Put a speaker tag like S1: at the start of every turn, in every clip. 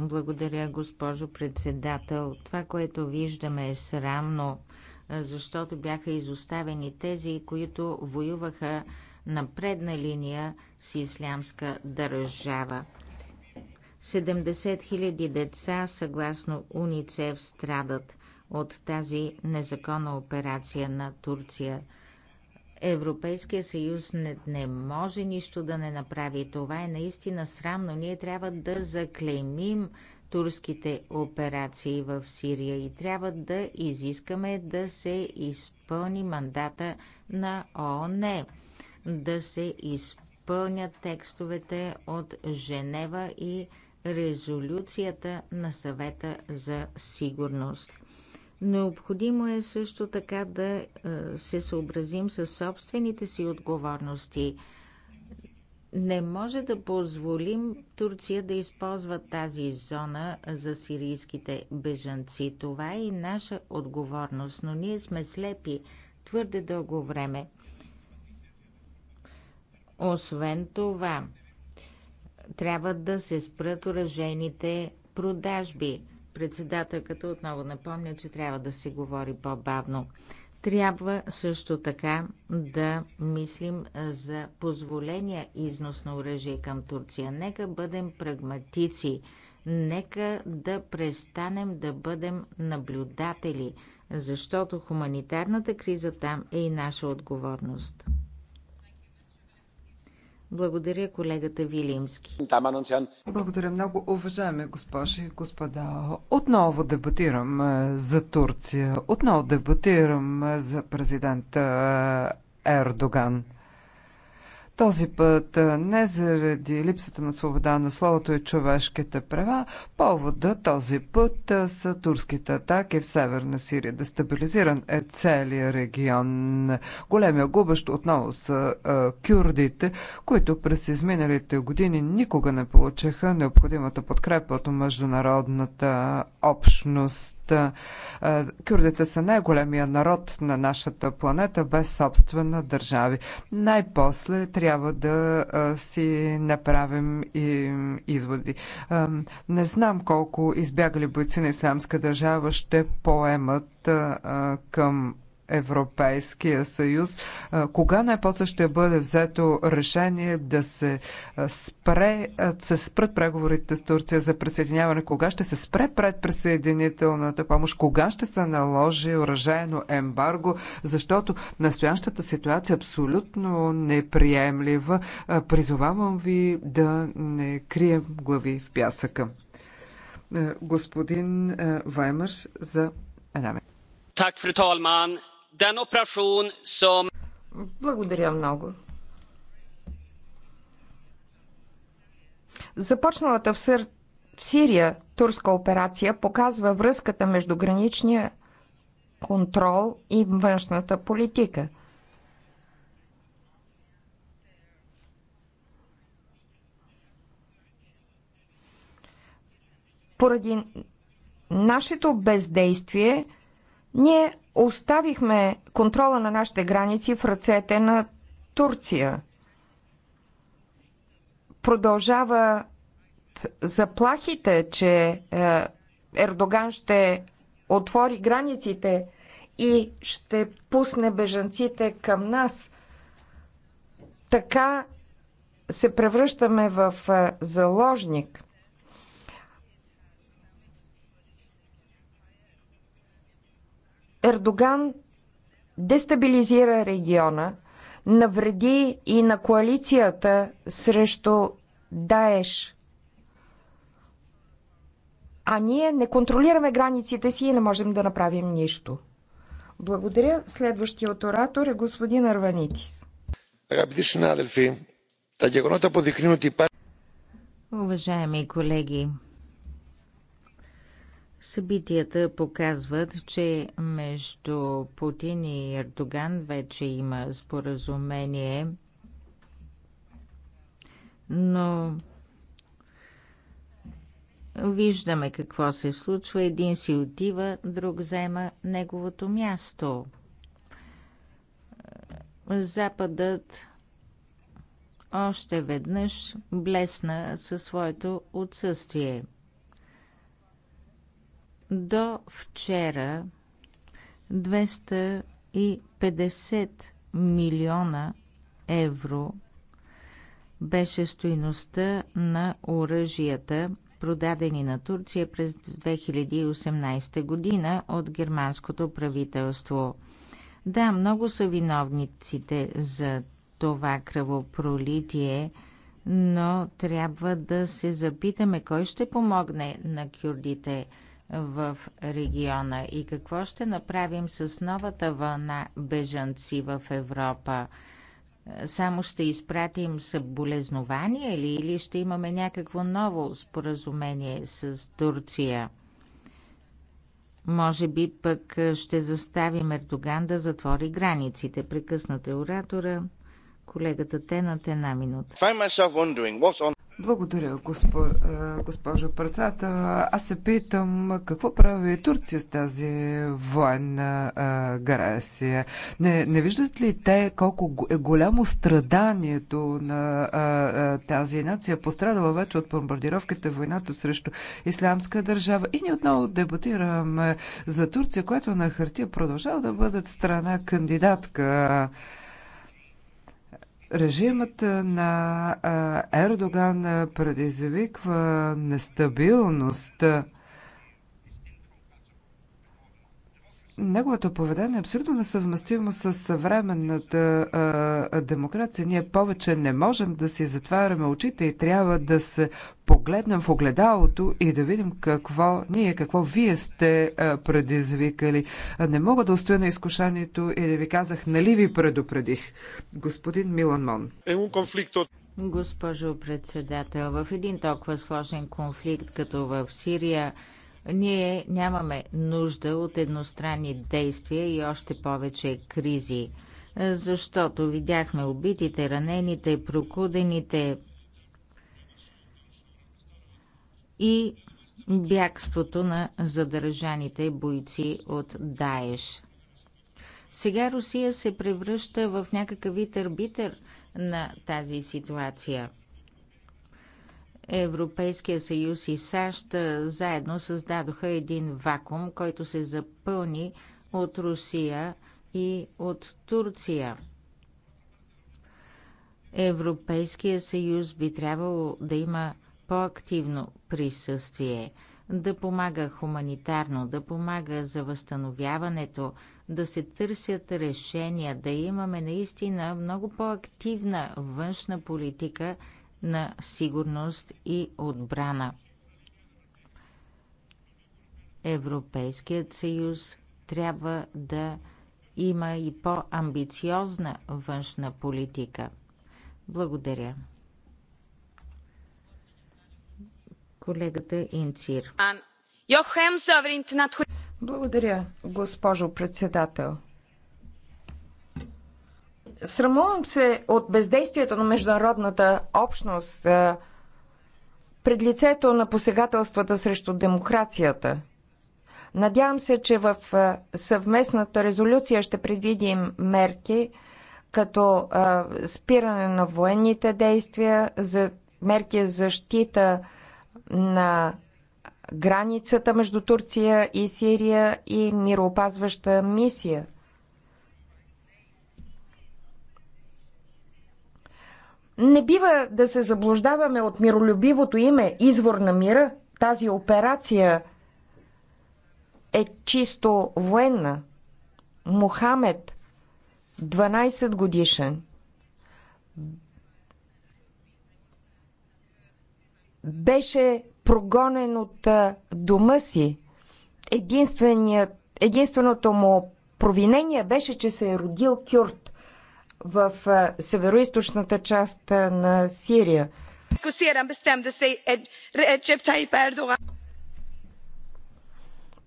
S1: Благодаря, госпожо председател. Това, което виждаме е срамно, защото бяха изоставени тези, които воюваха на предна линия с ислямска държава. 70 000 деца, съгласно УНИЦЕВ, страдат от тази незаконна операция на Турция – Европейския съюз не, не може нищо да не направи. Това е наистина срамно. Ние трябва да заклеймим турските операции в Сирия и трябва да изискаме да се изпълни мандата на ООН, да се изпълнят текстовете от Женева и резолюцията на съвета за сигурност. Необходимо е също така да се съобразим с собствените си отговорности. Не може да позволим Турция да използва тази зона за сирийските бежанци. Това е и наша отговорност, но ние сме слепи твърде дълго време. Освен това, трябва да се спрат уражените продажби – Председателката отново напомня, че трябва да се говори по-бавно. Трябва също така да мислим за позволения износ на оръжие към Турция. Нека бъдем прагматици. Нека да престанем да бъдем наблюдатели, защото хуманитарната криза там е и наша отговорност. Благодаря колегата Вилимски. Благодаря много, уважаеми
S2: госпожи и господа. Отново дебатирам е, за Турция. Отново дебатирам е, за президента е, Ердоган. Този път не заради липсата на свобода на словото и човешките права, повода този път са турските атаки в Северна Сирия. Дестабилизиран е целият регион. Големия губещ отново са а, кюрдите, които през изминалите години никога не получиха необходимата подкрепа от международната общност. А, кюрдите са най-големия народ на нашата планета без собствена държави. Най-после трябва трябва да си направим и изводи. Не знам колко избягали бойци на Исламска държава ще поемат към Европейския съюз. Кога най-после ще бъде взето решение да се, спре, се спрат преговорите с Турция за присъединяване? Кога ще се спре пред присъединителната помощ? Кога ще се наложи оръжайно ембарго? Защото настоящата ситуация е абсолютно неприемлива. Призовавам ви да не крием глави в пясъка. Господин Ваймърс за една минута.
S3: Благодаря много. Започналата в, Сър... в Сирия турска операция показва връзката между граничния контрол и външната политика. Поради нашето бездействие, ние оставихме контрола на нашите граници в ръцете на Турция. Продължава заплахите, че е, Ердоган ще отвори границите и ще пусне бежанците към нас. Така се превръщаме в е, заложник – Ердоган дестабилизира региона, навреди и на коалицията срещу Даеш. А ние не контролираме границите си и не можем да направим нищо. Благодаря. Следващият оратор е господин Арванитис.
S1: Уважаеми колеги, Събитията показват, че между Путин и Ердоган вече има споразумение, но виждаме какво се случва. Един си отива, друг взема неговото място. Западът още веднъж блесна със своето отсъствие – до вчера 250 милиона евро беше стоиността на оръжията, продадени на Турция през 2018 година от германското правителство. Да, много са виновниците за това кръвопролитие, но трябва да се запитаме кой ще помогне на кюрдите – в региона и какво ще направим с новата вълна бежанци в Европа? Само ще изпратим съболезнования ли или ще имаме някакво ново споразумение с Турция? Може би пък ще заставим Ердоган да затвори границите. Прекъсната оратора, колегата Тенът
S2: една минута. Благодаря, госпо, е, госпожо Працата. Аз се питам какво прави Турция с тази военна е, агресия. Не, не виждат ли те колко е голямо страданието на а, е, а, тази нация, пострадала вече от бомбардировките, войната срещу ислямска държава? И ни отново дебатираме за Турция, която на хартия продължава да бъде страна кандидатка. Режимът на Ердоган предизвиква нестабилност. неговото поведение е абсолютно несъвместимо с съвременната а, демокрация. Ние повече не можем да си затваряме очите и трябва да се погледнем в огледалото и да видим какво ние, какво вие сте а, предизвикали. Не мога да устоя на изкушанието и да ви казах, нали ви предупредих, господин Милан Мон.
S4: Е
S1: Госпожо председател, в един толкова сложен конфликт като в Сирия, ние нямаме нужда от едностранни действия и още повече кризи, защото видяхме убитите, ранените, прокудените и бягството на задържаните бойци от Даеш. Сега Русия се превръща в някакъв вид арбитър на тази ситуация. Европейския съюз и САЩ заедно създадоха един вакуум, който се запълни от Русия и от Турция. Европейския съюз би трябвало да има по-активно присъствие, да помага хуманитарно, да помага за възстановяването, да се търсят решения, да имаме наистина много по-активна външна политика – на сигурност и отбрана. Европейският съюз трябва да има и по-амбициозна външна политика. Благодаря. Колегата Инцир.
S3: Благодаря,
S1: госпожо председател.
S3: Срамувам се от бездействието на международната общност пред лицето на посегателствата срещу демокрацията. Надявам се, че в съвместната резолюция ще предвидим мерки като спиране на военните действия, за мерки за защита на границата между Турция и Сирия и мироопазваща мисия – Не бива да се заблуждаваме от миролюбивото име Извор на мира. Тази операция е чисто военна. Мохамед, 12 годишен, беше прогонен от дома си. Единственият, единственото му провинение беше, че се е родил кюрт в северо-источната част на Сирия. Е, е, е,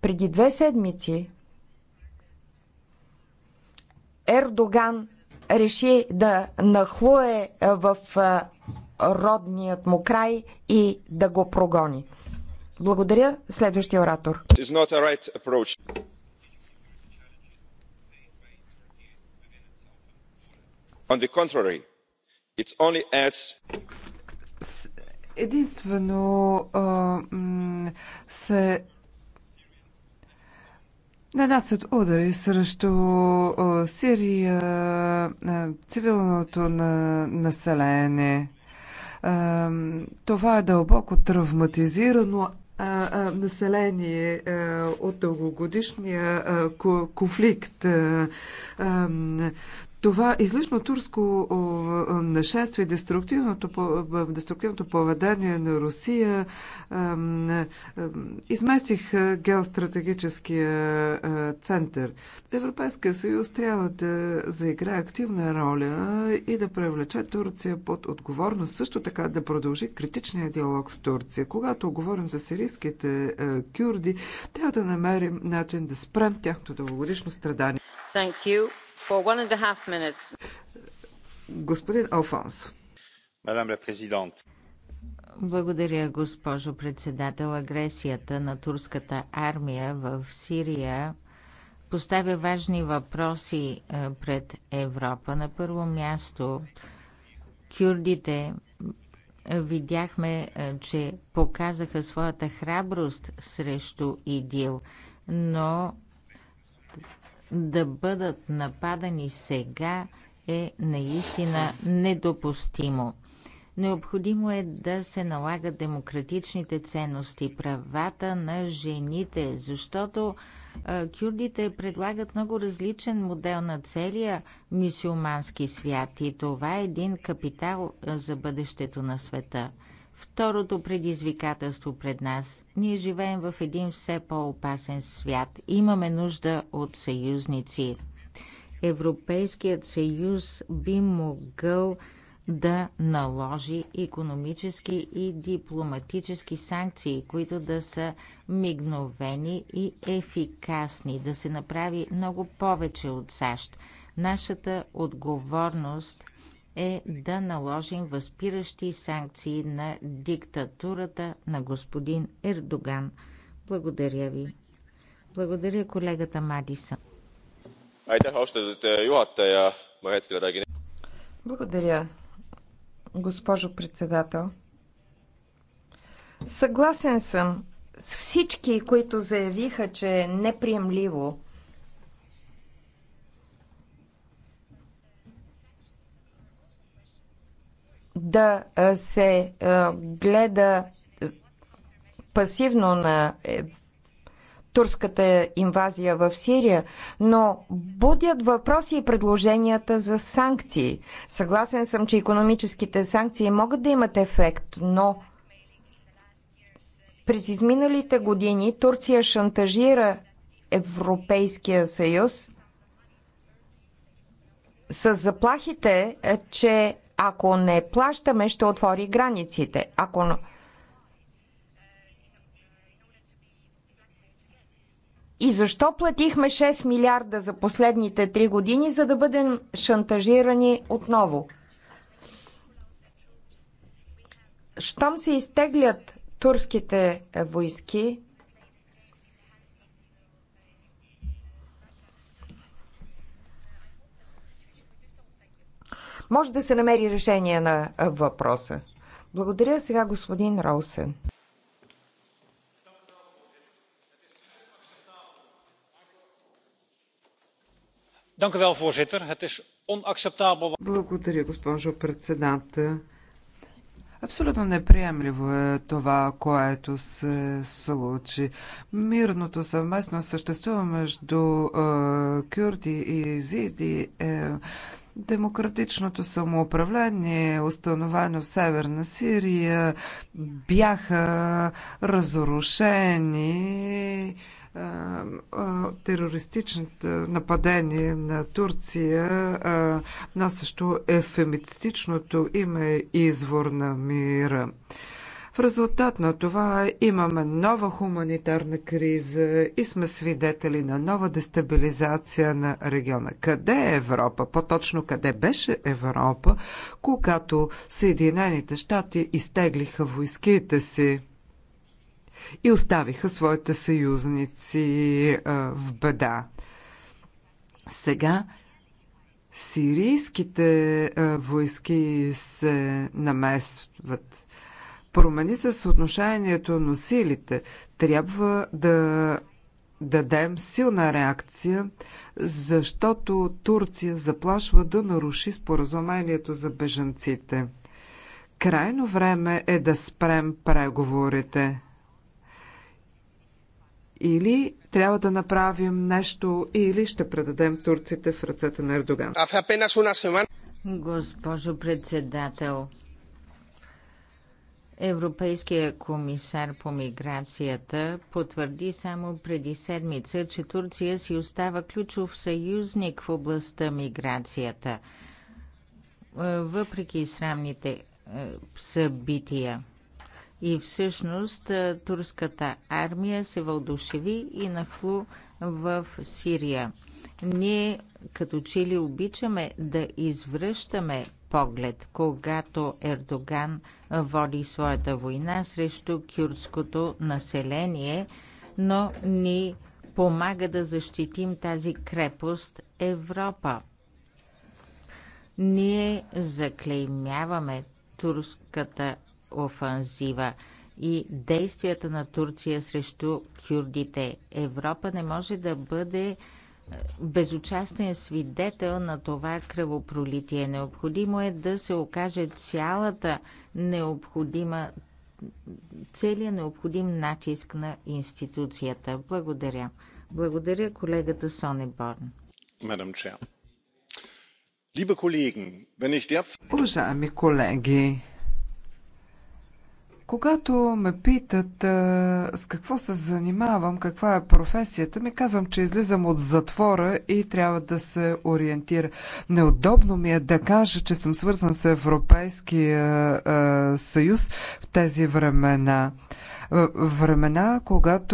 S3: Преди две седмици Ердоган реши да нахлуе в родният му край и да го прогони. Благодаря. Следващия оратор.
S5: on the contrary it only adds
S2: единствено а, се нанасят удари срещу а, Сирия, а, цивилното на, население. А, това е дълбоко травматизирано население от дългогодишния конфликт. Това излишно турско нашествие, деструктивното, деструктивното поведение на Русия изместих геостратегическия център. Европейския съюз трябва да заиграе активна роля и да привлече Турция под отговорност, също така да продължи критичния диалог с Турция. Когато говорим за сирийските кюрди, трябва да намерим начин да спрем тяхното дългогодишно страдание.
S1: Thank you. Благодаря, госпожо председател. Агресията на турската армия в Сирия поставя важни въпроси е, пред Европа. На първо място, кюрдите видяхме, е, че показаха своята храброст срещу ИДИЛ, но да бъдат нападани сега е наистина недопустимо. Необходимо е да се налагат демократичните ценности, правата на жените, защото кюрдите предлагат много различен модел на целия мисюлмански свят и това е един капитал за бъдещето на света. Второто предизвикателство пред нас. Ние живеем в един все по-опасен свят. Имаме нужда от съюзници. Европейският съюз би могъл да наложи економически и дипломатически санкции, които да са мигновени и ефикасни, да се направи много повече от САЩ. Нашата отговорност е да наложим възпиращи санкции на диктатурата на господин Ердоган. Благодаря ви. Благодаря колегата Мадиса.
S5: Äh,
S1: Благодаря,
S3: госпожо председател. Съгласен съм с всички, които заявиха, че е неприемливо да се гледа пасивно на е, турската инвазия в Сирия, но будят въпроси и предложенията за санкции. Съгласен съм, че економическите санкции могат да имат ефект, но през изминалите години Турция шантажира Европейския съюз с заплахите, че ако не плащаме, ще отвори границите. Ако И защо платихме 6 милиарда за последните 3 години, за да бъдем шантажирани отново? Щом се изтеглят турските войски, Може да се намери решение на въпроса. Благодаря сега господин Роусен.
S2: Благодаря, госпожо председател. Абсолютно неприемливо е това, което се случи. Мирното съвместно съществува между е, кюрди и зиди е, Демократичното самоуправление, установено в Северна Сирия, бяха разрушени терористичните нападение на Турция, носещо също ефемистичното име извор на мира. В резултат на това имаме нова хуманитарна криза и сме свидетели на нова дестабилизация на региона. Къде е Европа? По-точно къде беше Европа, когато Съединените щати изтеглиха войските си? и оставиха своите съюзници в беда. Сега сирийските войски се намесват промени се съотношението на силите. Трябва да дадем силна реакция, защото Турция заплашва да наруши споразумението за бежанците. Крайно време е да спрем преговорите. Или трябва да направим нещо, или ще предадем турците в ръцете на Ердоган. Госпожо
S1: председател, Европейския комисар по миграцията потвърди само преди седмица, че Турция си остава ключов съюзник в областта миграцията, въпреки срамните събития. И всъщност турската армия се вълдушеви и нахлу в Сирия. Ние като че ли обичаме да извръщаме поглед, когато Ердоган води своята война срещу кюрдското население, но ни помага да защитим тази крепост Европа. Ние заклеймяваме турската офанзива и действията на Турция срещу кюрдите. Европа не може да бъде безучастен свидетел на това кръвопролитие. Необходимо е да се окаже цялата необходима целият необходим натиск на институцията. Благодаря. Благодаря колегата Борн.
S5: Мадам Чер.
S2: Уважаеми колеги, когато ме питат а, с какво се занимавам, каква е професията ми, казвам, че излизам от затвора и трябва да се ориентира. Неудобно ми е да кажа, че съм свързан с Европейския а, съюз в тези времена. Времена, когато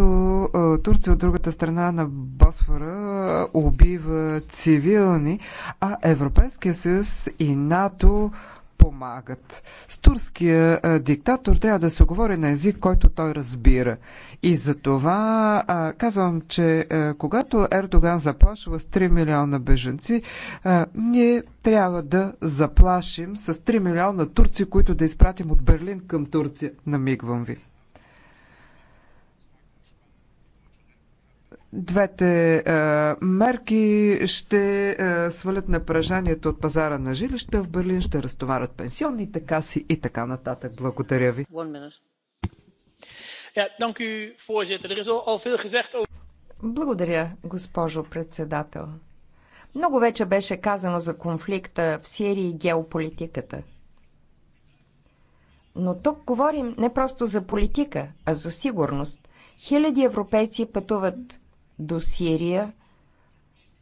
S2: Турция от другата страна на Босфора убива цивилни, а Европейския съюз и НАТО помагат. С турския диктатор трябва да се говори на език, който той разбира. И за това а, казвам, че а, когато Ердоган заплашва с 3 милиона беженци, а, ние трябва да заплашим с 3 милиона турци, които да изпратим от Берлин към Турция. Намигвам ви. Двете е, мерки ще е, свалят напрежението от пазара на жилища в Берлин, ще разтоварят пенсионните каси и така нататък. Благодаря ви. Er Благодаря, госпожо председател.
S3: Много вече беше казано за конфликта в Сирия и геополитиката. Но тук говорим не просто за политика, а за сигурност. Хиляди европейци пътуват до Сирия,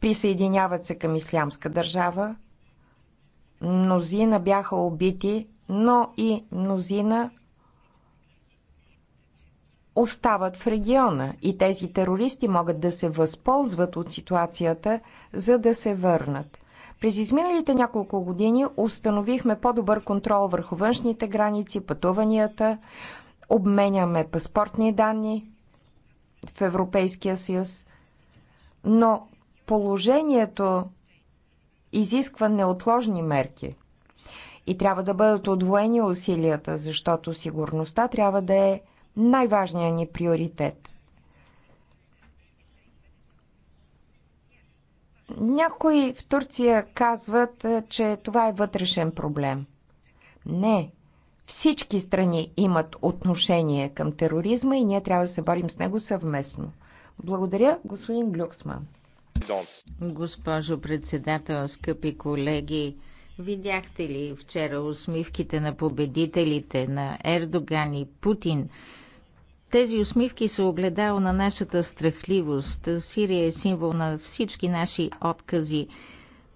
S3: присъединяват се към Ислямска държава. Мнозина бяха убити, но и мнозина остават в региона и тези терористи могат да се възползват от ситуацията, за да се върнат. През изминалите няколко години установихме по-добър контрол върху външните граници, пътуванията, обменяме паспортни данни, в Европейския съюз. Но положението изисква неотложни мерки. И трябва да бъдат отвоени усилията, защото сигурността трябва да е най-важният ни приоритет. Някои в Турция казват, че това е вътрешен проблем. Не, всички страни имат отношение към тероризма и ние трябва да се борим с него съвместно.
S1: Благодаря, господин Глюксман. Госпожо председател, скъпи колеги, видяхте ли вчера усмивките на победителите на Ердоган и Путин? Тези усмивки са огледало на нашата страхливост. Сирия е символ на всички наши откази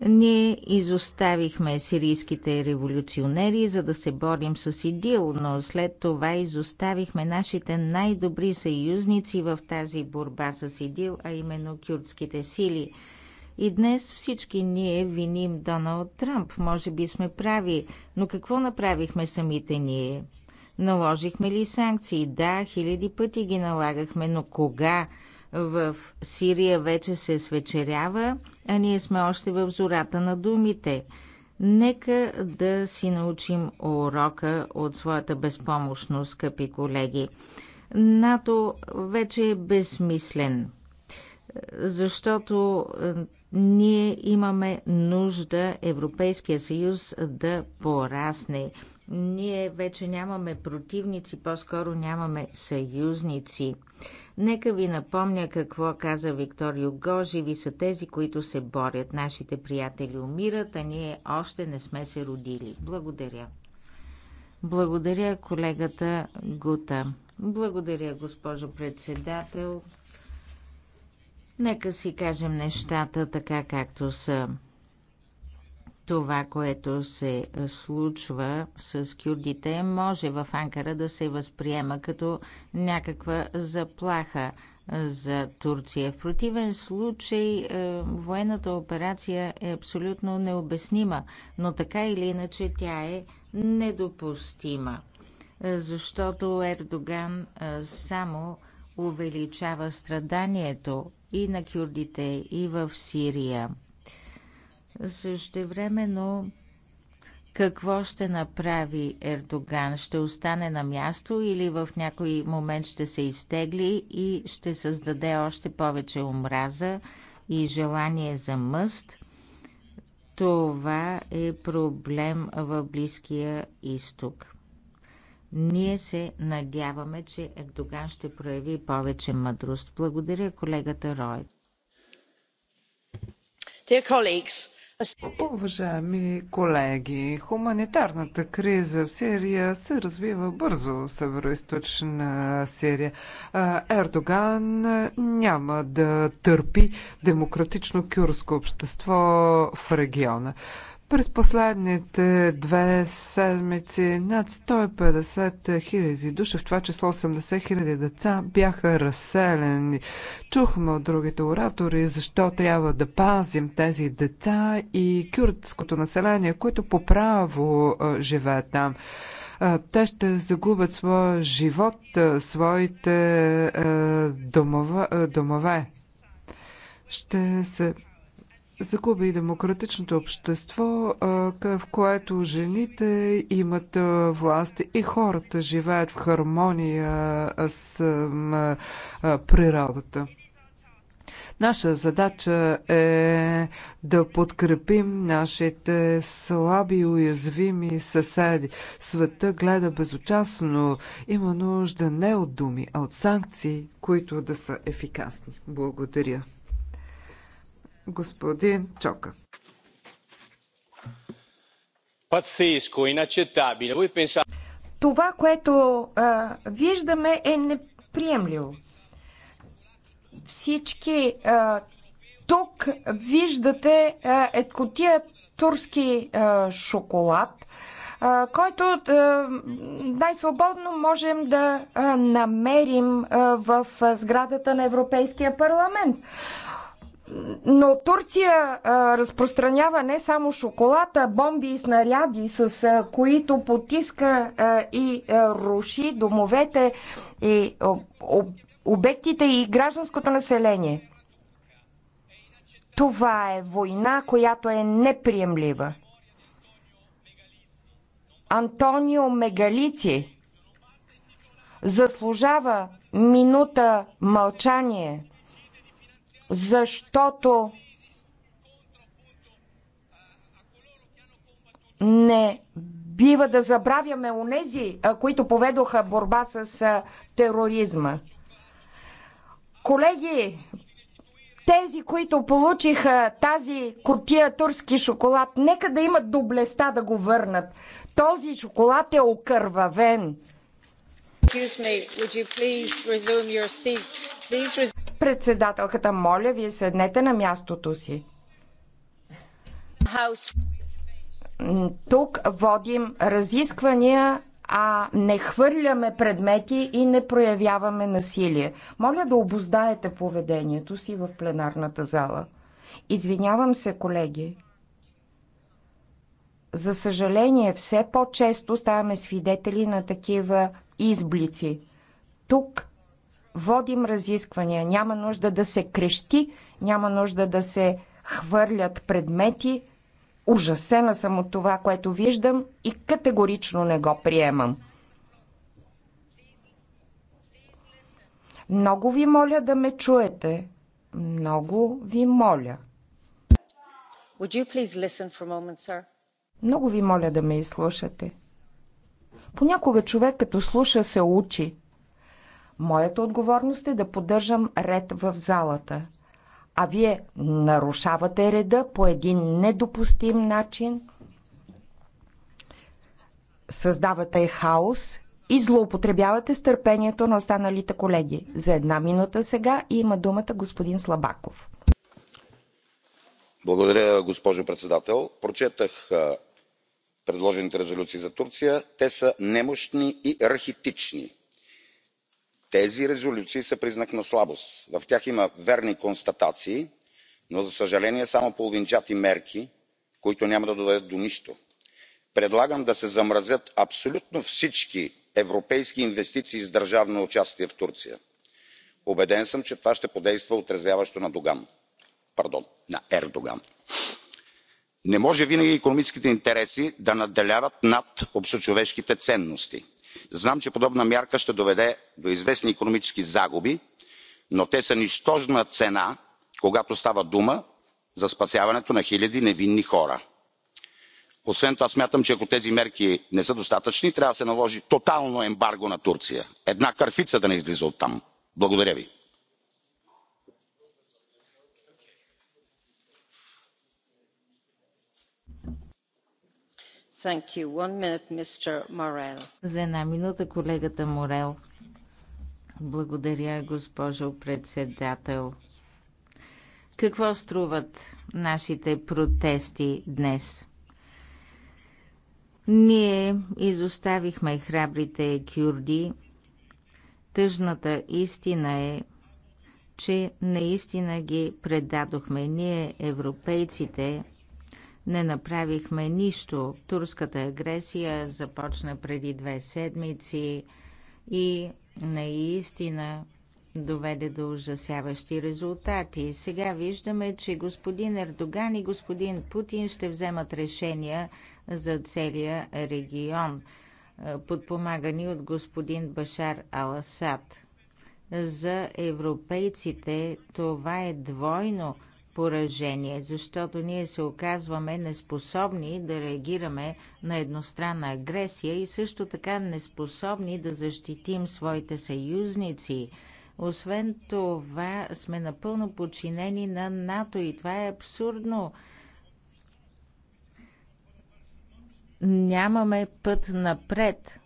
S1: ние изоставихме сирийските революционери, за да се борим с ИДИЛ, но след това изоставихме нашите най-добри съюзници в тази борба с ИДИЛ, а именно кюрдските сили. И днес всички ние виним Доналд Трамп. Може би сме прави, но какво направихме самите ние? Наложихме ли санкции? Да, хиляди пъти ги налагахме, но кога? в Сирия вече се свечерява, а ние сме още в зората на думите. Нека да си научим урока от своята безпомощност, скъпи колеги. НАТО вече е безсмислен, защото е, ние имаме нужда Европейския съюз да порасне. Ние вече нямаме противници, по-скоро нямаме съюзници. Нека ви напомня какво каза Виктор Юго. Живи са тези, които се борят. Нашите приятели умират, а ние още не сме се родили. Благодаря. Благодаря колегата Гута. Благодаря, госпожо председател. Нека си кажем нещата така, както са това, което се е, случва с кюрдите, може в Анкара да се възприема като някаква заплаха е, за Турция. В противен случай е, военната операция е абсолютно необяснима, но така или иначе тя е недопустима, защото Ердоган само увеличава страданието и на кюрдите, и в Сирия. Същевременно, какво ще направи Ердоган? Ще остане на място или в някой момент ще се изтегли и ще създаде още повече омраза и желание за мъст? Това е проблем в Близкия изток. Ние се надяваме, че Ердоган ще прояви повече мъдрост. Благодаря колегата Рой. Dear
S2: colleagues, Уважаеми колеги, хуманитарната криза в Сирия се развива бързо в Североизточна Сирия. Ердоган няма да търпи демократично кюрско общество в региона. През последните две седмици над 150 хиляди души, в това число 80 хиляди деца, бяха разселени. Чухме от другите оратори защо трябва да пазим тези деца и кюртското население, което по право живее там те ще загубят своя живот, своите домове. Ще се загуби и демократичното общество, в което жените имат власт и хората живеят в хармония с природата. Наша задача е да подкрепим нашите слаби и уязвими съседи. Света гледа безучастно. Има нужда не от думи, а от санкции, които да са ефикасни. Благодаря господин Чока.
S5: Pazzesco, inaccettabile.
S3: Това, което а, виждаме, е неприемливо. Всички а, тук виждате еткотия турски а, шоколад, а, който най-свободно можем да намерим в сградата на Европейския парламент. Но Турция а, разпространява не само шоколада, бомби и снаряди, с а, които потиска а, и а, руши домовете и об, обектите и гражданското население. Това е война, която е неприемлива. Антонио Мегалици заслужава минута мълчание – защото не бива да забравяме онези, които поведоха борба с тероризма. Колеги, тези, които получиха тази котия турски шоколад, нека да имат доблеста да го върнат. Този шоколад е окървавен. Председателката, моля ви седнете на мястото си. Тук водим разисквания, а не хвърляме предмети и не проявяваме насилие. Моля да обоздаете поведението си в пленарната зала. Извинявам се, колеги. За съжаление, все по-често ставаме свидетели на такива изблици. Тук водим разисквания, няма нужда да се крещи, няма нужда да се хвърлят предмети. Ужасена съм от това, което виждам и категорично не го приемам. Много ви моля да ме чуете. Много ви моля.
S1: Would you please listen for a moment, sir?
S3: Много ви моля да ме изслушате. Понякога човек като слуша се учи. Моята отговорност е да поддържам ред в залата. А вие нарушавате реда по един недопустим начин, създавате хаос и злоупотребявате с търпението на останалите колеги. За една минута сега има думата господин Слабаков.
S4: Благодаря, госпожо председател. Прочетах предложените резолюции за Турция. Те са немощни и архитични тези резолюции са признак на слабост. в тях има верни констатации но за съжаление само половинчати мерки които няма да доведат до нищо. предлагам да се замразят абсолютно всички европейски инвестиции с държавно участие в турция. убеден съм че това ще подейства отрезвяващо на Доган, на ердоган. не може винаги икономическите интереси да надделяват над общочовешките ценности знам че подобна мярка ще доведе до известни икономически загуби но те са нищожна цена когато става дума за спасяването на хиляди невинни хора. освен това смятам че ако тези мерки не са достатъчни трябва да се наложи тотално ембарго на турция една кърфица да не излиза оттам. благодаря ви.
S1: За една минута колегата Морел. Благодаря, госпожо председател. Какво струват нашите протести днес? Ние изоставихме храбрите кюрди. Тъжната истина е, че наистина ги предадохме. Ние, европейците, не направихме нищо. Турската агресия започна преди две седмици и наистина доведе до ужасяващи резултати. Сега виждаме, че господин Ердоган и господин Путин ще вземат решения за целия регион, подпомагани от господин Башар Аласад. За европейците това е двойно – поражение, защото ние се оказваме неспособни да реагираме на едностранна агресия и също така неспособни да защитим своите съюзници. Освен това, сме напълно подчинени на НАТО и това е абсурдно. Нямаме път напред,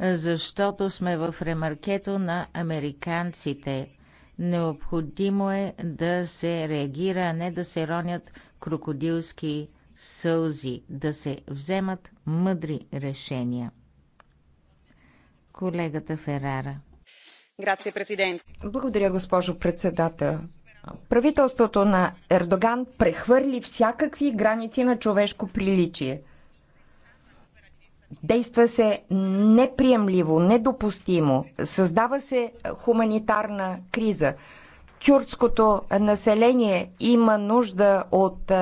S1: защото сме в ремаркето на американците – Необходимо е да се реагира, а не да се ронят крокодилски сълзи, да се вземат мъдри решения. Колегата Ферара.
S3: президент. Благодаря, госпожо председател. Правителството на Ердоган прехвърли всякакви граници на човешко приличие – Действа се неприемливо, недопустимо. Създава се хуманитарна криза. Кюрдското население има нужда от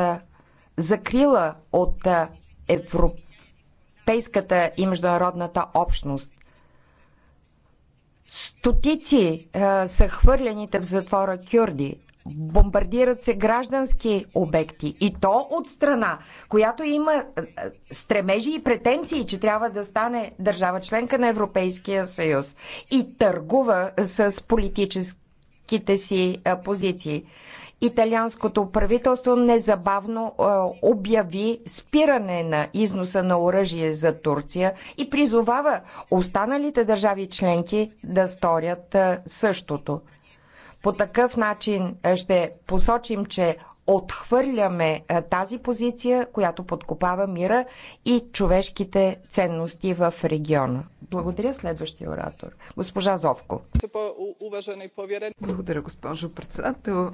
S3: закрила от европейската и международната общност. Стотици а, са хвърлените в затвора кюрди бомбардират се граждански обекти и то от страна, която има е, е, стремежи и претенции, че трябва да стане държава членка на Европейския съюз и търгува е, с политическите си позиции. Италианското правителство незабавно обяви спиране на износа на оръжие за Турция и призовава останалите държави членки да сторят същото. По такъв начин е, ще посочим, че отхвърляме е, тази позиция, която подкопава мира и човешките ценности в региона. Благодаря следващия оратор. Госпожа Зовко.
S2: Благодаря, госпожо председател.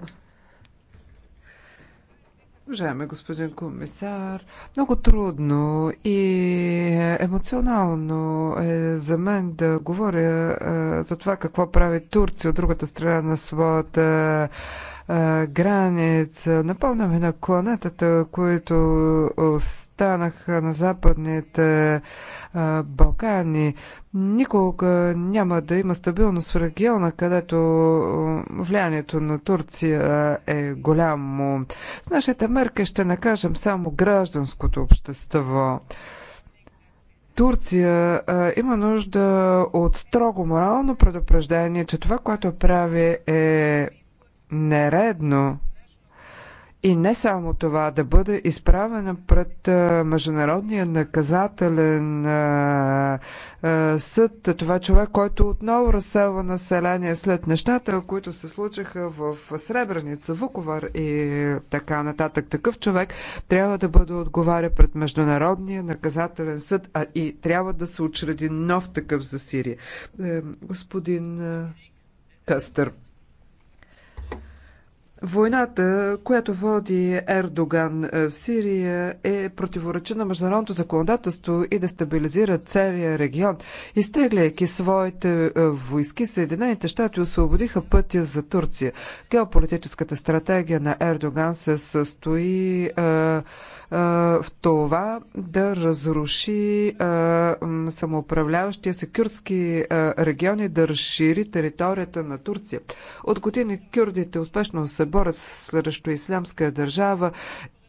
S2: Уважаеми господин комисар, много трудно и емоционално е за мен да говоря за това какво прави Турция от другата страна на своята граница. Напомняме на кланетата, които останаха на западните Балкани. Никога няма да има стабилност в региона, където влиянието на Турция е голямо. С нашите мерки ще накажем само гражданското общество. Турция а, има нужда от строго морално предупреждение, че това, което прави е нередно и не само това, да бъде изправена пред Международния наказателен съд. Това е човек, който отново разселва население след нещата, които се случиха в Сребреница, Вуковар и така нататък. Такъв човек трябва да бъде отговаря пред Международния наказателен съд а и трябва да се учреди нов такъв за Сирия. Е, господин Къстър. Войната, която води Ердоган е, в Сирия, е противоречи на международното законодателство и дестабилизира целия регион. Изтегляйки своите е, войски, Съединените щати освободиха пътя за Турция. Геополитическата стратегия на Ердоган се състои е, в това да разруши самоуправляващия се кюрдски регион и да разшири територията на Турция. От години кюрдите успешно се борят срещу ислямска държава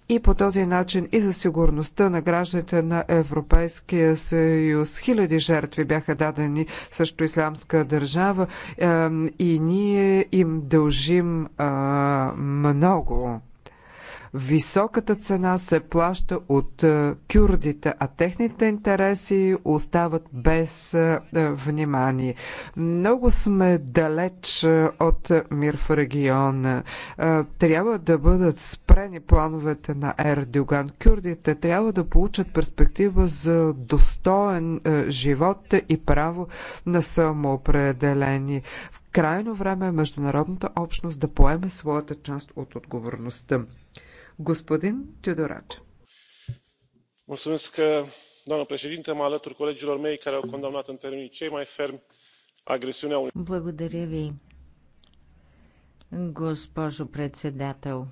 S2: и по този начин и за сигурността на гражданите на Европейския съюз. Хиляди жертви бяха дадени срещу ислямска държава и ние им дължим много. Високата цена се плаща от е, кюрдите, а техните интереси остават без е, е, внимание. Много сме далеч от мир в региона. Трябва да бъдат спрени плановете на Ердоган. Кюрдите трябва да получат перспектива за достоен живот и право на самоопределение. В крайно време е международната общност да поеме своята част от отговорността. Господин Тюдорач.
S5: Mulțumesc, doamnă președinte, mă alătur colegilor mei care au condamnat în termenii cei mai fermi агресионна уния.
S1: Благодаря ви, госпожо председател.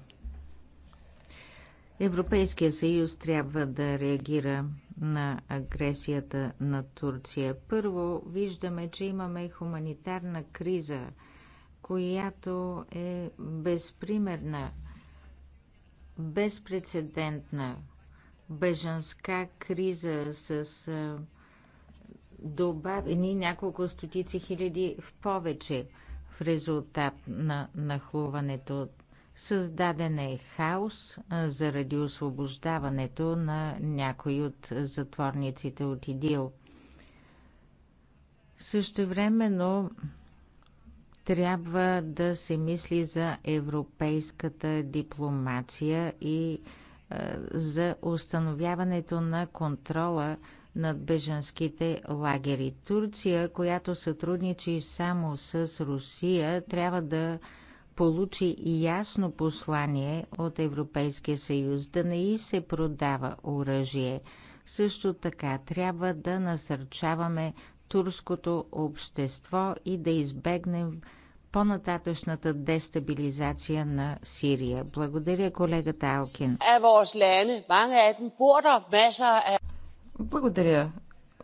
S1: Европейския съюз трябва да реагира на агресията на Турция. Първо, виждаме, че имаме хуманитарна криза, която е безпримерна безпредседентна бежанска криза с добавени няколко стотици хиляди в повече в резултат на нахлуването. Създаден е хаос заради освобождаването на някои от затворниците от ИДИЛ. Същевременно трябва да се мисли за европейската дипломация и е, за установяването на контрола над бежанските лагери. Турция, която сътрудничи само с Русия, трябва да получи ясно послание от Европейския съюз да не и се продава оръжие. Също така трябва да насърчаваме турското общество и да избегнем по-нататъчната дестабилизация на Сирия. Благодаря колегата Алкин. Благодаря,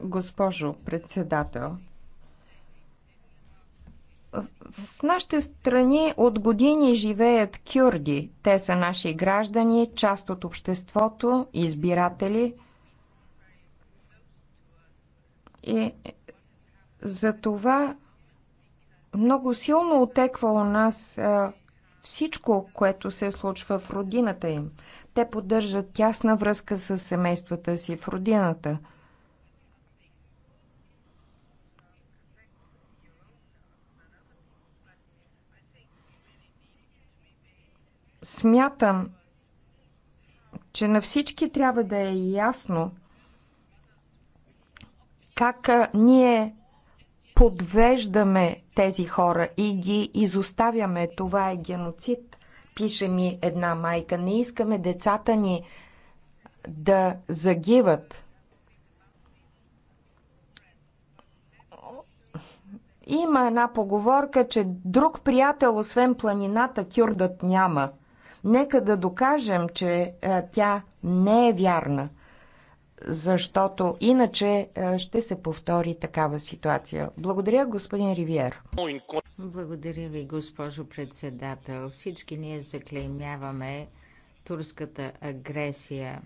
S3: госпожо председател. В нашите страни от години живеят кюрди. Те са наши граждани, част от обществото, избиратели. И затова много силно отеква у нас а, всичко, което се случва в родината им. Те поддържат тясна връзка с семействата си в родината. Смятам, че на всички трябва да е ясно как ние подвеждаме тези хора и ги изоставяме. Това е геноцид, пише ми една майка. Не искаме децата ни да загиват. Има една поговорка, че друг приятел, освен планината, кюрдът няма. Нека да докажем, че а, е, тя не е вярна – защото иначе е, ще се повтори такава ситуация. Благодаря, господин Ривиер.
S1: Благодаря ви, госпожо председател. Всички ние заклеймяваме турската агресия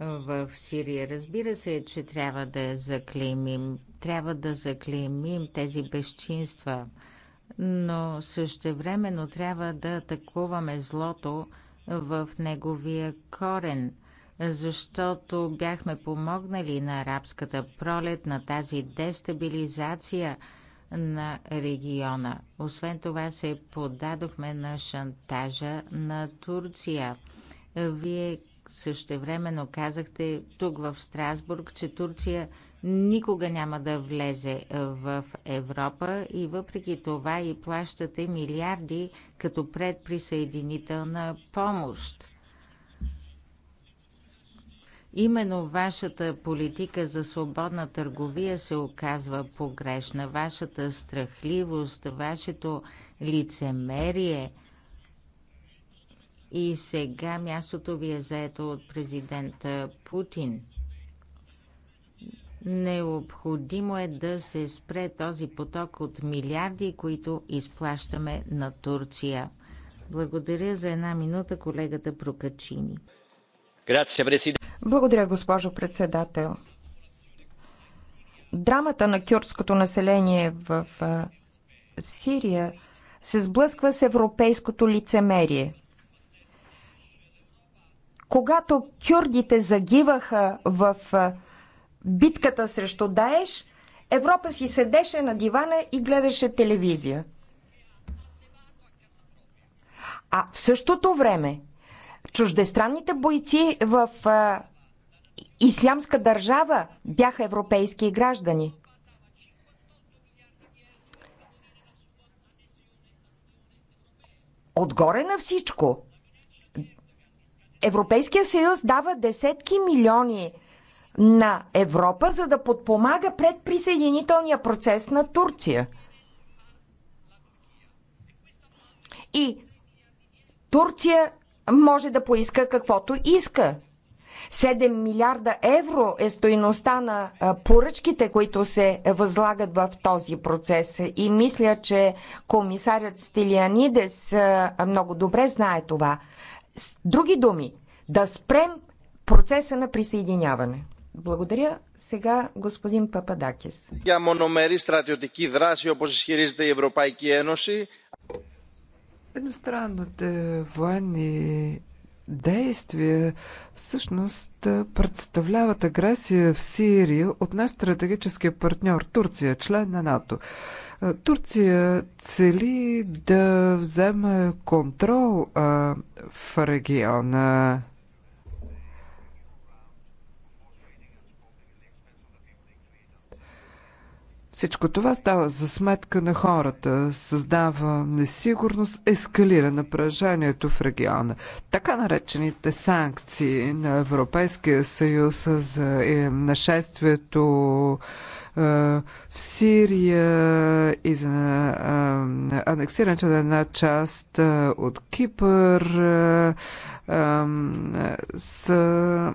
S1: в Сирия. Разбира се, че трябва да я заклеймим. Трябва да заклеймим тези безчинства. Но същевременно трябва да атакуваме злото в неговия корен – защото бяхме помогнали на арабската пролет, на тази дестабилизация на региона. Освен това се подадохме на шантажа на Турция. Вие същевременно казахте тук в Страсбург, че Турция никога няма да влезе в Европа и въпреки това и плащате милиарди като предприсъединителна помощ. Именно вашата политика за свободна търговия се оказва погрешна. Вашата страхливост, вашето лицемерие. И сега мястото ви е заето от президента Путин. Необходимо е да се спре този поток от милиарди, които изплащаме на Турция. Благодаря за една минута колегата Прокачини. Благодаря, госпожо председател.
S3: Драмата на кюрдското население в Сирия се сблъсква с европейското лицемерие. Когато кюрдите загиваха в битката срещу Даеш, Европа си седеше на дивана и гледаше телевизия. А в същото време Чуждестранните бойци в а, Ислямска държава бяха европейски граждани. Отгоре на всичко, Европейския съюз дава десетки милиони на Европа, за да подпомага предприсъединителния процес на Турция. И Турция може да поиска каквото иска. 7 милиарда евро е стоиността на поръчките, които се възлагат в този процес. И мисля, че комисарят Стилианидес много добре знае това. С други думи, да спрем процеса на присъединяване. Благодаря. Сега господин
S2: Пападакис.
S4: Για μονομερή στρατιωτική δράση, όπως ισχυρίζεται η Ευρωπαϊκή Ένωση,
S2: Едностранните военни действия всъщност представляват агресия в Сирия от наш стратегически партньор Турция, член на НАТО. Турция цели да вземе контрол а, в региона Всичко това става за сметка на хората, създава несигурност, ескалира напрежението в региона. Така наречените санкции на Европейския съюз за е, нашествието е, в Сирия и за е, анексирането на една част от Кипър са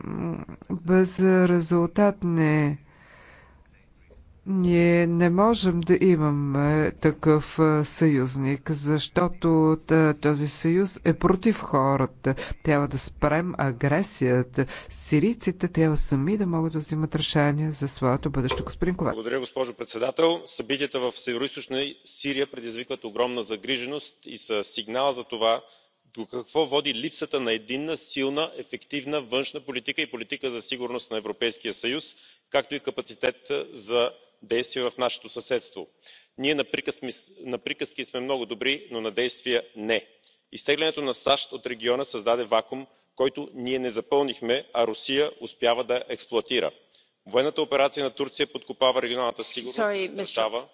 S2: безрезултатни ние не можем да имаме такъв съюзник, защото този съюз е против хората. Трябва да спрем агресията. Сирийците трябва сами да могат да взимат решение за своето бъдеще. Господин Ковач.
S5: Благодаря, госпожо председател. Събитията в Североизточна Сирия предизвикват огромна загриженост и са сигнал за това, до какво води липсата на единна силна ефективна външна политика и политика за сигурност на европейския съюз както и капацитет за действия в нашето съседство. ние на приказки сме много добри но на действия – не. изтеглянето на сащ от региона създаде вакуум който ние не запълнихме а русия успява да експлоатира. военната операция на турция подкопава регионалната сигурност и застрашава.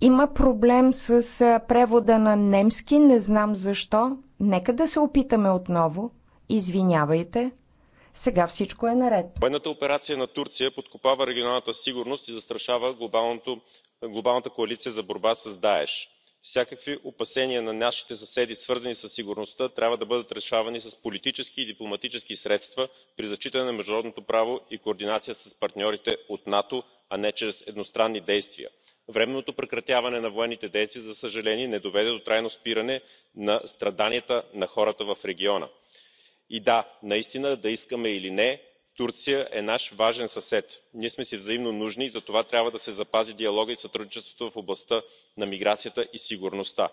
S3: Има проблем с превода на немски, не знам защо. Нека да се опитаме отново. Извинявайте. Сега всичко е наред.
S5: Военната операция на Турция подкопава регионалната сигурност и застрашава глобалната коалиция за борба с Даеш. Всякакви опасения на нашите съседи, свързани с сигурността, трябва да бъдат решавани с политически и дипломатически средства при зачитане на международното право и координация с партньорите от нато а не чрез едностранни действия. временното прекратяване на военните действия за съжаление не доведе до трайно спиране на страданията на хората в региона и да наистина да искаме или не турция е наш важен съсед. ние сме си взаимно нужни и затова трябва да се запази диалогът и сътрудничеството в областта на миграцията и сигурността.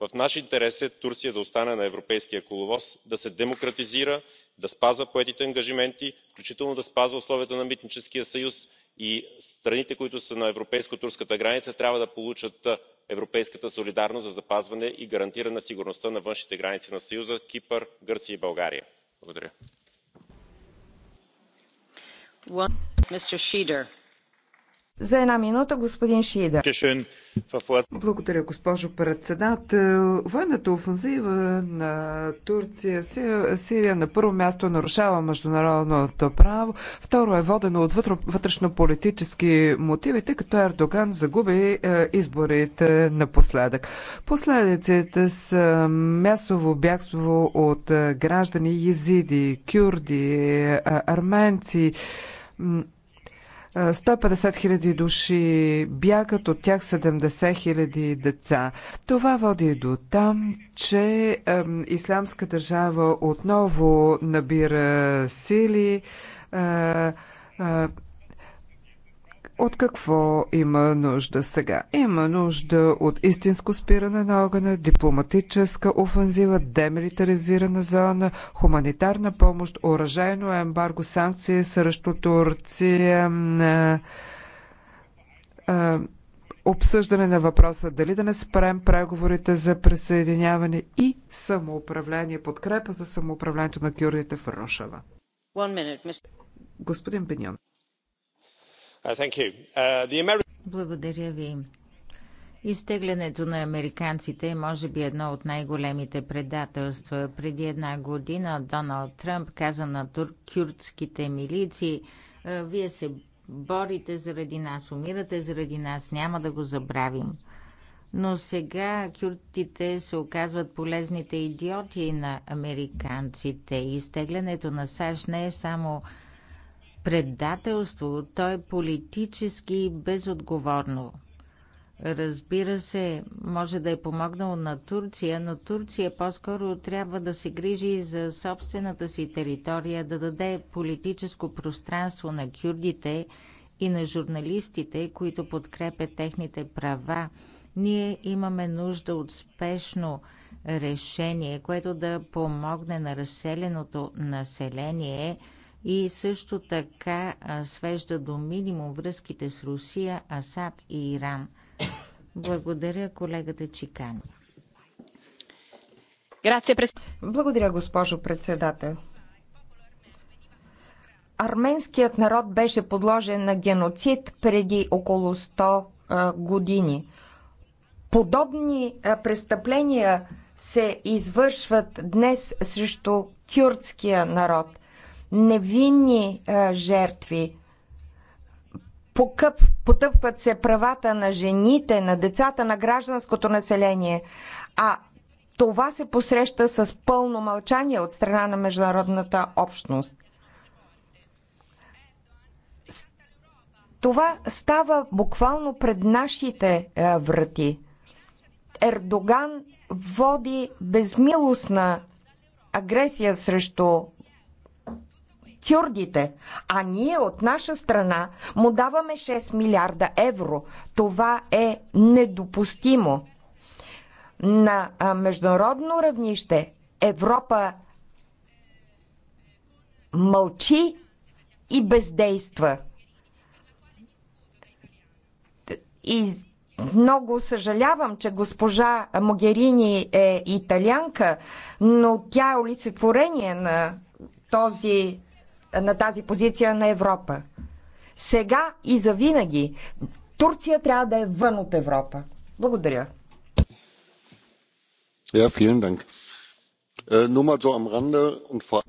S5: в наш интерес е турция да остане на европейския коловоз да се демократизира да спазва поетите ангажименти включително да спазва условията на митническия съюз и страните които са на европейско турската граница трябва да получат европейската солидарност за запазване и гарантиране на сигурността на външните граници на съюза кипър гърция и българия. благодаря.
S3: За една минута господин
S2: Шида. Благодаря, госпожо председател. Военната офензива на Турция в Сирия на първо място нарушава международното право, второ е водено от вътрешно-политически мотиви, тъй като Ердоган загуби е, изборите напоследък. Последиците са мясово бягство от е, граждани езиди, кюрди, е, арменци 150 хиляди души бягат, от тях 70 хиляди деца. Това води до там, че е, държава отново набира сили. Е, е, от какво има нужда сега? Има нужда от истинско спиране на огъня, дипломатическа офензива, демилитаризирана зона, хуманитарна помощ, оръжайно ембарго, санкции срещу Турция, обсъждане на въпроса дали да не спрем преговорите за присъединяване и самоуправление, подкрепа за самоуправлението на кюрдите в Рошава. Господин Беньон. Uh, uh,
S1: Благодаря ви. Изтеглянето на американците е може би едно от най-големите предателства. Преди една година Доналд Тръмп каза на кюртските милиции, вие се борите заради нас, умирате заради нас, няма да го забравим. Но сега кюртите се оказват полезните идиоти на американците. Изтеглянето на САЩ не е само предателство, то е политически безотговорно. Разбира се, може да е помогнал на Турция, но Турция по-скоро трябва да се грижи за собствената си територия, да даде политическо пространство на кюрдите и на журналистите, които подкрепят техните права. Ние имаме нужда от спешно решение, което да помогне на разселеното население – и също така свежда до минимум връзките с Русия, Асад и Иран. Благодаря колегата Чикани. Благодаря, госпожо председател.
S3: Арменският народ беше подложен на геноцид преди около 100 години. Подобни престъпления се извършват днес срещу кюрдския народ – невинни жертви. Покъп, потъпват се правата на жените, на децата, на гражданското население. А това се посреща с пълно мълчание от страна на международната общност. Това става буквално пред нашите врати. Ердоган води безмилостна агресия срещу кюрдите, а ние от наша страна му даваме 6 милиарда евро. Това е недопустимо. На международно равнище Европа мълчи и бездейства. И много съжалявам, че госпожа Могерини е италянка, но тя е олицетворение на този на тази позиция на Европа. Сега и завинаги Турция трябва да е вън от Европа. Благодаря.
S4: Ja, vielen Dank. Äh, nur mal so am Rande und vor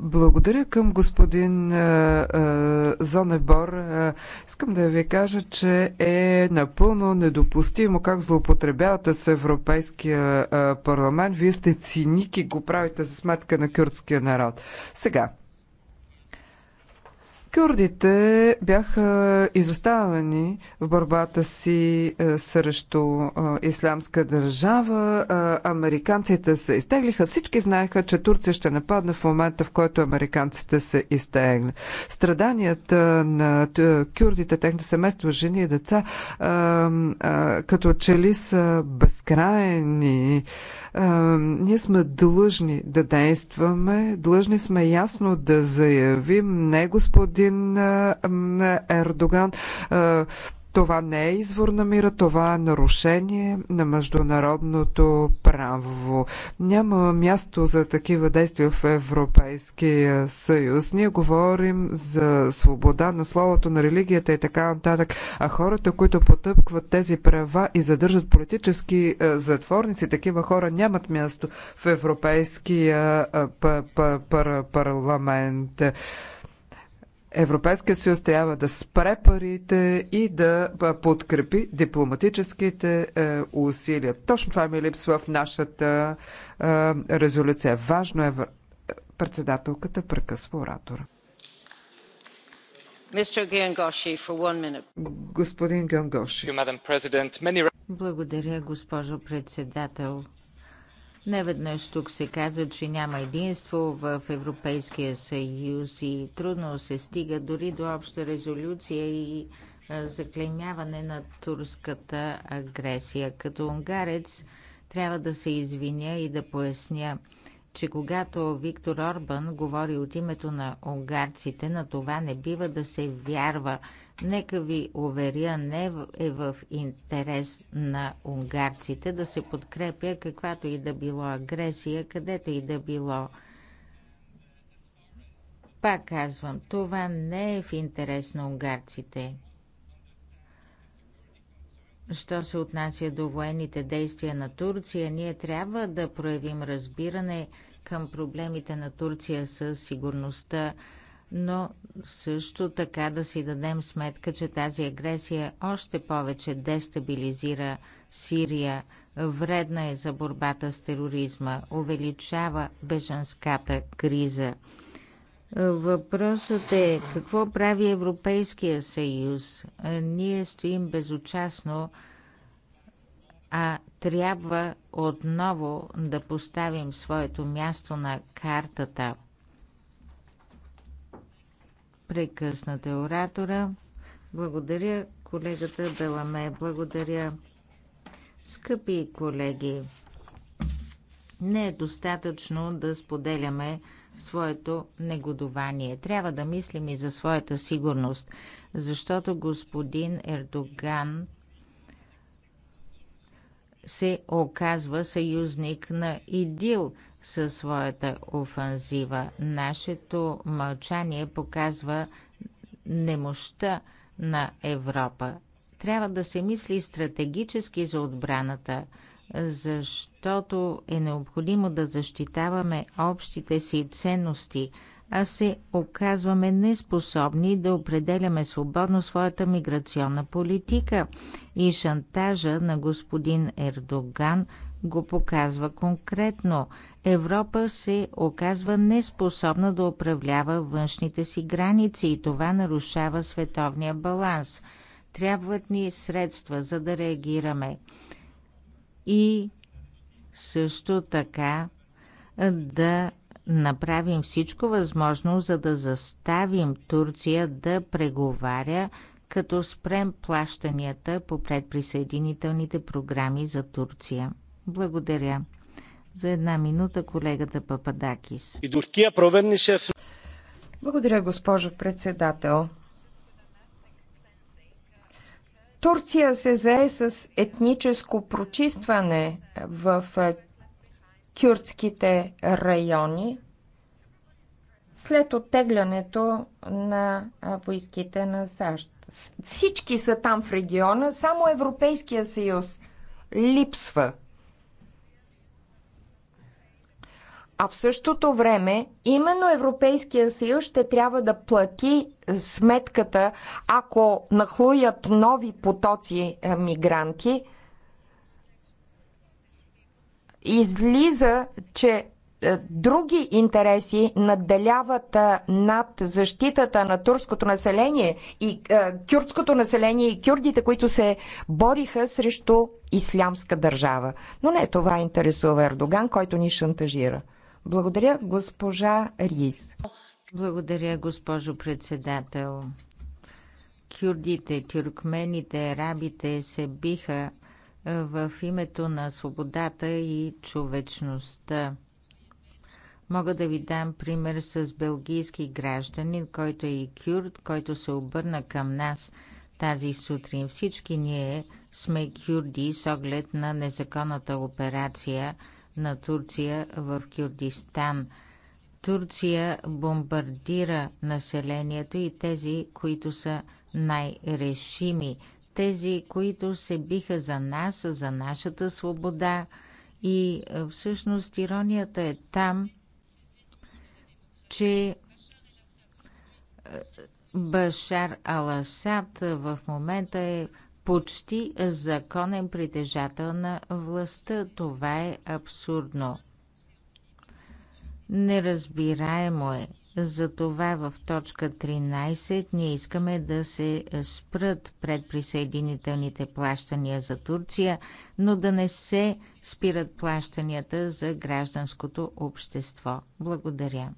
S2: благодаря към господин Зонебор. Искам да ви кажа, че е напълно недопустимо как злоупотребявате с Европейския парламент. Вие сте циник и го правите за сметка на кюртския народ. Сега, Кюрдите бяха изоставени в борбата си е, срещу е, ислямска държава. Е, американците се изтеглиха. Всички знаеха, че Турция ще нападне в момента, в който американците се изтеглят. Страданията на кюрдите, техните семейства, жени и деца, като че ли са безкрайни ние сме длъжни да действаме, длъжни сме ясно да заявим не господин Ердоган, това не е извор на мира, това е нарушение на международното право. Няма място за такива действия в Европейския съюз. Ние говорим за свобода на словото, на религията и така нататък. А хората, които потъпкват тези права и задържат политически е, затворници, такива хора нямат място в Европейския е, парламент. Европейския съюз трябва да спре парите и да подкрепи дипломатическите е, усилия. Точно това ми липсва в нашата е, резолюция. Важно е председателката прекъсва оратора. Господин Гангоши. Благодаря, госпожо
S1: председател. Неведнъж тук се каза, че няма единство в Европейския съюз и трудно се стига дори до обща резолюция и заклеймяване на турската агресия. Като унгарец трябва да се извиня и да поясня, че когато Виктор Орбан говори от името на унгарците, на това не бива да се вярва – Нека ви уверя, не е в интерес на унгарците да се подкрепя каквато и да било агресия, където и да било. Пак казвам, това не е в интерес на унгарците. Що се отнася до военните действия на Турция, ние трябва да проявим разбиране към проблемите на Турция с сигурността но също така да си дадем сметка, че тази агресия още повече дестабилизира Сирия, вредна е за борбата с тероризма, увеличава бежанската криза. Въпросът е какво прави Европейския съюз? Ние стоим безучастно, а трябва отново да поставим своето място на картата – Прекъсната оратора. Благодаря колегата Беламе. Благодаря. Скъпи колеги, не е достатъчно да споделяме своето негодование. Трябва да мислим и за своята сигурност, защото господин Ердоган се оказва съюзник на ИДИЛ със своята офанзива. Нашето мълчание показва немощта на Европа. Трябва да се мисли стратегически за отбраната, защото е необходимо да защитаваме общите си ценности, а се оказваме неспособни да определяме свободно своята миграционна политика. И шантажа на господин Ердоган го показва конкретно – Европа се оказва неспособна да управлява външните си граници и това нарушава световния баланс. Трябват ни средства, за да реагираме. И също така да направим всичко възможно, за да заставим Турция да преговаря, като спрем плащанията по предприсъединителните програми за Турция. Благодаря. За една минута колегата Пападакис.
S5: И Туркия проведнише...
S1: Благодаря, госпожо председател.
S3: Турция се зае с етническо прочистване в е, кюрдските райони след оттеглянето на е, войските на САЩ. Всички са там в региона, само Европейския съюз липсва. а в същото време именно Европейския съюз ще трябва да плати сметката, ако нахлуят нови потоци е, мигранти. Излиза, че е, други интереси надделяват е, над защитата на турското население и кюрдското население и кюрдите, които се бориха срещу ислямска държава. Но не това интересува Ердоган, който ни шантажира. Благодаря, госпожа Рис.
S1: Благодаря, госпожо председател. Кюрдите, тюркмените, арабите се биха в името на свободата и човечността. Мога да ви дам пример с белгийски гражданин, който е и кюрд, който се обърна към нас тази сутрин. Всички ние сме кюрди с оглед на незаконната операция – на Турция в Кюрдистан. Турция бомбардира населението и тези, които са най-решими, тези, които се биха за нас, за нашата свобода. И е, всъщност иронията е там, че е, Башар Аласад в момента е почти законен притежател на властта. Това е абсурдно. Неразбираемо е. Затова в точка 13 ние искаме да се спрат предприсъединителните плащания за Турция, но да не се спират плащанията за гражданското общество. Благодаря.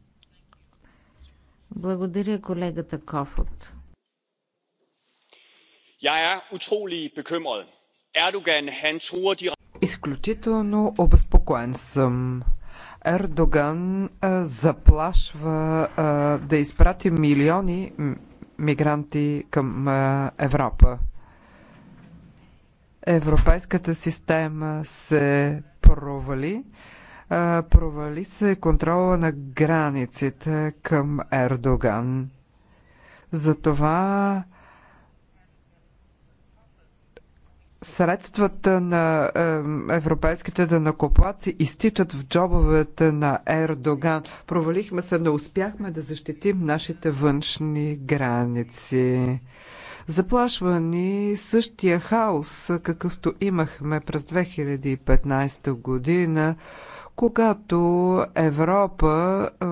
S1: Благодаря колегата Кофот.
S5: Er
S2: Изключително обезпокоен съм. Ердоган заплашва да изпрати милиони мигранти към Европа. Европейската система се провали. Провали се контрола на границите към Ердоган. Затова средствата на европейските данакоплаци изтичат в джобовете на Ердоган. Провалихме се, не успяхме да защитим нашите външни граници. Заплашва ни същия хаос, какъвто имахме през 2015 година, когато Европа е,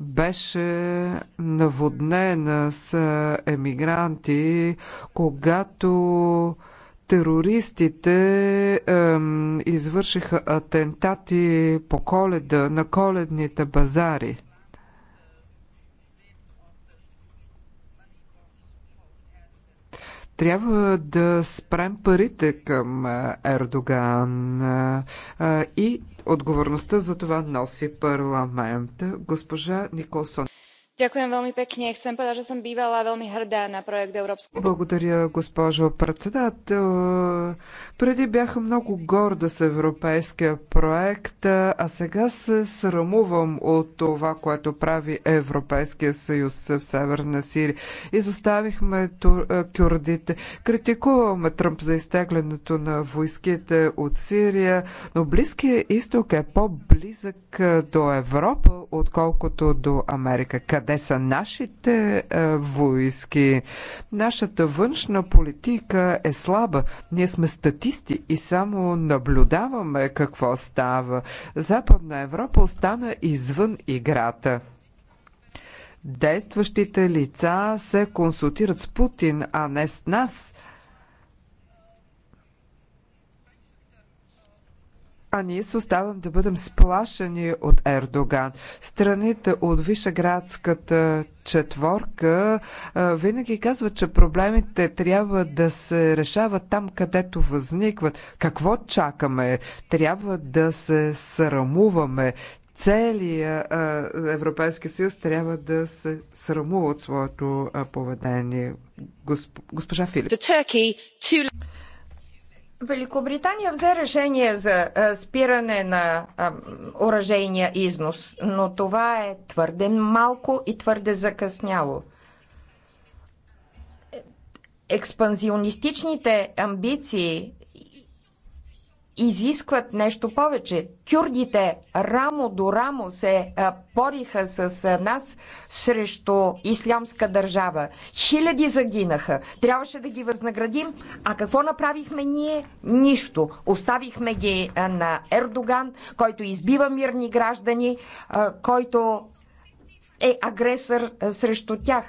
S2: беше наводнена с емигранти, когато терористите ем, извършиха атентати по коледа на коледните базари. Трябва да спрем парите към Ердоган и отговорността за това носи парламент. Госпожа Николсон. Благодаря, госпожо председател. Преди бяха много горда с европейския проект, а сега се срамувам от това, което прави Европейския съюз в Северна Сирия. Изоставихме е, кюрдите, критикуваме Тръмп за изтеглянето на войските от Сирия, но Близкия изток е по-близък до Европа, отколкото до Америка. Къде те са нашите е, войски. Нашата външна политика е слаба. Ние сме статисти и само наблюдаваме какво става. Западна Европа остана извън играта. Действащите лица се консултират с Путин, а не с нас. а ние се оставам да бъдем сплашени от Ердоган. Страните от Вишеградската четворка винаги казват, че проблемите трябва да се решават там, където възникват. Какво чакаме? Трябва да се срамуваме. Целият Европейски съюз трябва да се срамува от своето поведение. Госпожа Филип. Великобритания взе решение
S3: за спиране на оръжейния износ, но това е твърде малко и твърде закъсняло. Е, експанзионистичните амбиции изискват нещо повече. Кюрдите рамо до рамо се пориха с нас срещу ислямска държава. Хиляди загинаха. Трябваше да ги възнаградим. А какво направихме ние? Нищо. Оставихме ги на Ердоган, който избива мирни граждани, който е агресор срещу тях.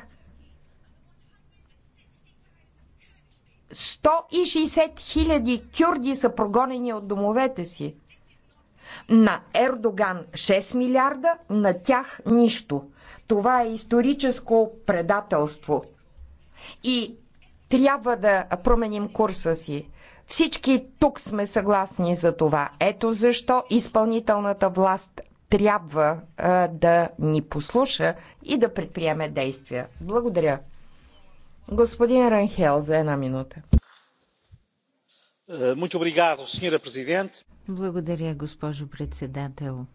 S3: 160 хиляди кюрди са прогонени от домовете си. На Ердоган 6 милиарда, на тях нищо. Това е историческо предателство. И трябва да променим курса си. Всички тук сме съгласни за това. Ето защо изпълнителната власт трябва а, да ни послуша и да предприеме действия. Благодаря. Господин
S1: Ранхел, за една минута. Е, Благодаря, госпожо председател.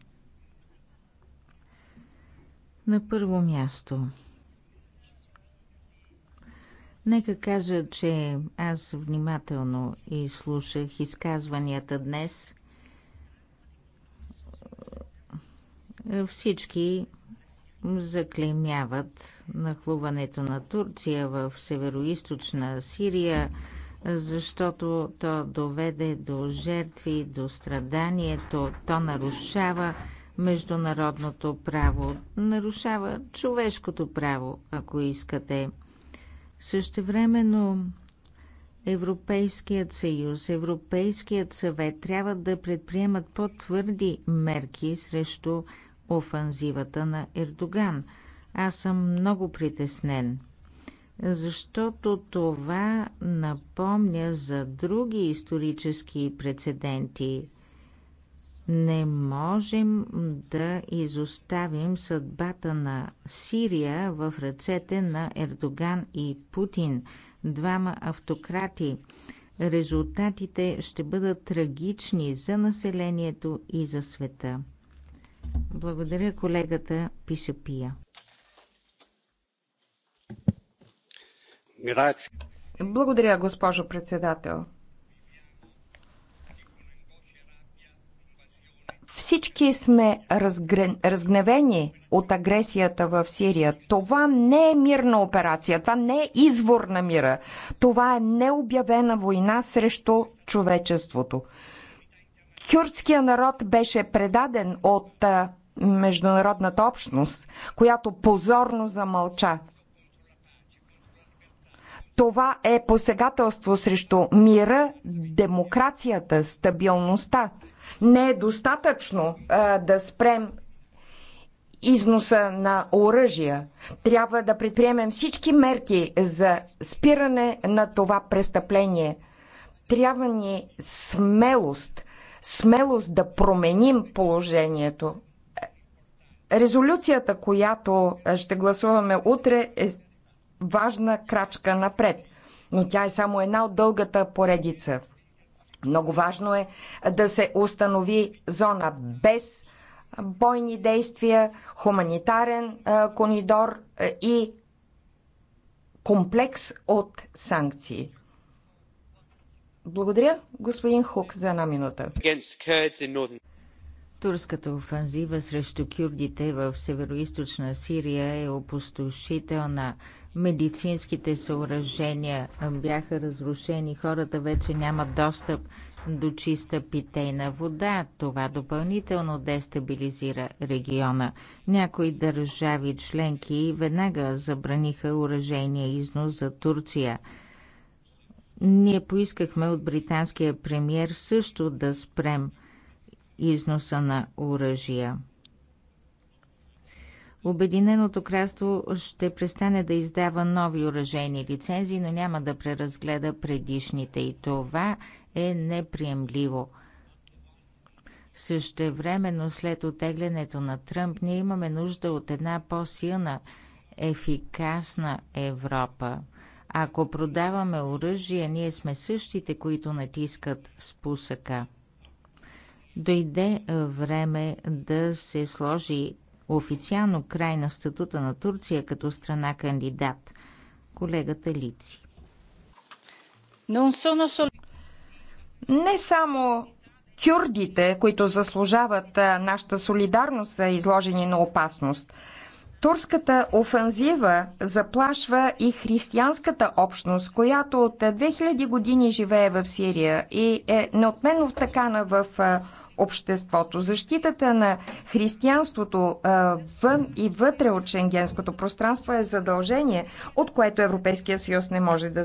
S1: На първо място, нека кажа, че аз внимателно изслушах изказванията днес. Всички заклемяват нахлуването на Турция в северо Сирия, защото то доведе до жертви, до страданието, то нарушава международното право, нарушава човешкото право, ако искате. Същевременно Европейският съюз, Европейският съвет трябва да предприемат по-твърди мерки срещу офанзивата на Ердоган. Аз съм много притеснен, защото това напомня за други исторически прецеденти. Не можем да изоставим съдбата на Сирия в ръцете на Ердоган и Путин, двама автократи. Резултатите ще бъдат трагични за населението и за света. Благодаря колегата пия.
S3: Благодаря, госпожо председател. Всички сме разгрен... разгневени от агресията в Сирия. Това не е мирна операция, това не е извор на мира. Това е необявена война срещу човечеството. Кюрдския народ беше предаден от международната общност, която позорно замълча. Това е посегателство срещу мира, демокрацията, стабилността. Не е достатъчно а, да спрем износа на оръжия. Трябва да предприемем всички мерки за спиране на това престъпление. Трябва ни смелост смелост да променим положението. Резолюцията, която ще гласуваме утре, е важна крачка напред, но тя е само една от дългата поредица. Много важно е да се установи зона без бойни действия, хуманитарен коридор и комплекс от
S1: санкции. Благодаря, господин Хук, за една минута. Турската офанзива срещу кюрдите в северо Сирия е опустошителна. Медицинските съоръжения бяха разрушени, хората вече нямат достъп до чиста питейна вода. Това допълнително дестабилизира региона. Някои държави членки веднага забраниха оръжения износ за Турция – ние поискахме от британския премьер също да спрем износа на оръжия. Обединеното кралство ще престане да издава нови оръжейни лицензии, но няма да преразгледа предишните и това е неприемливо. но след отеглянето на Тръмп ние имаме нужда от една по-силна, ефикасна Европа. Ако продаваме оръжие, ние сме същите, които натискат спусъка. Дойде време да се сложи официално край на статута на Турция като страна кандидат. Колегата Лици. Не само
S3: кюрдите, които заслужават нашата солидарност, са изложени на опасност. Турската офанзива заплашва и християнската общност, която от 2000 години живее в Сирия и е неотменно втъкана в обществото. Защитата на християнството вън и вътре от шенгенското пространство е задължение, от което Европейския съюз не може да се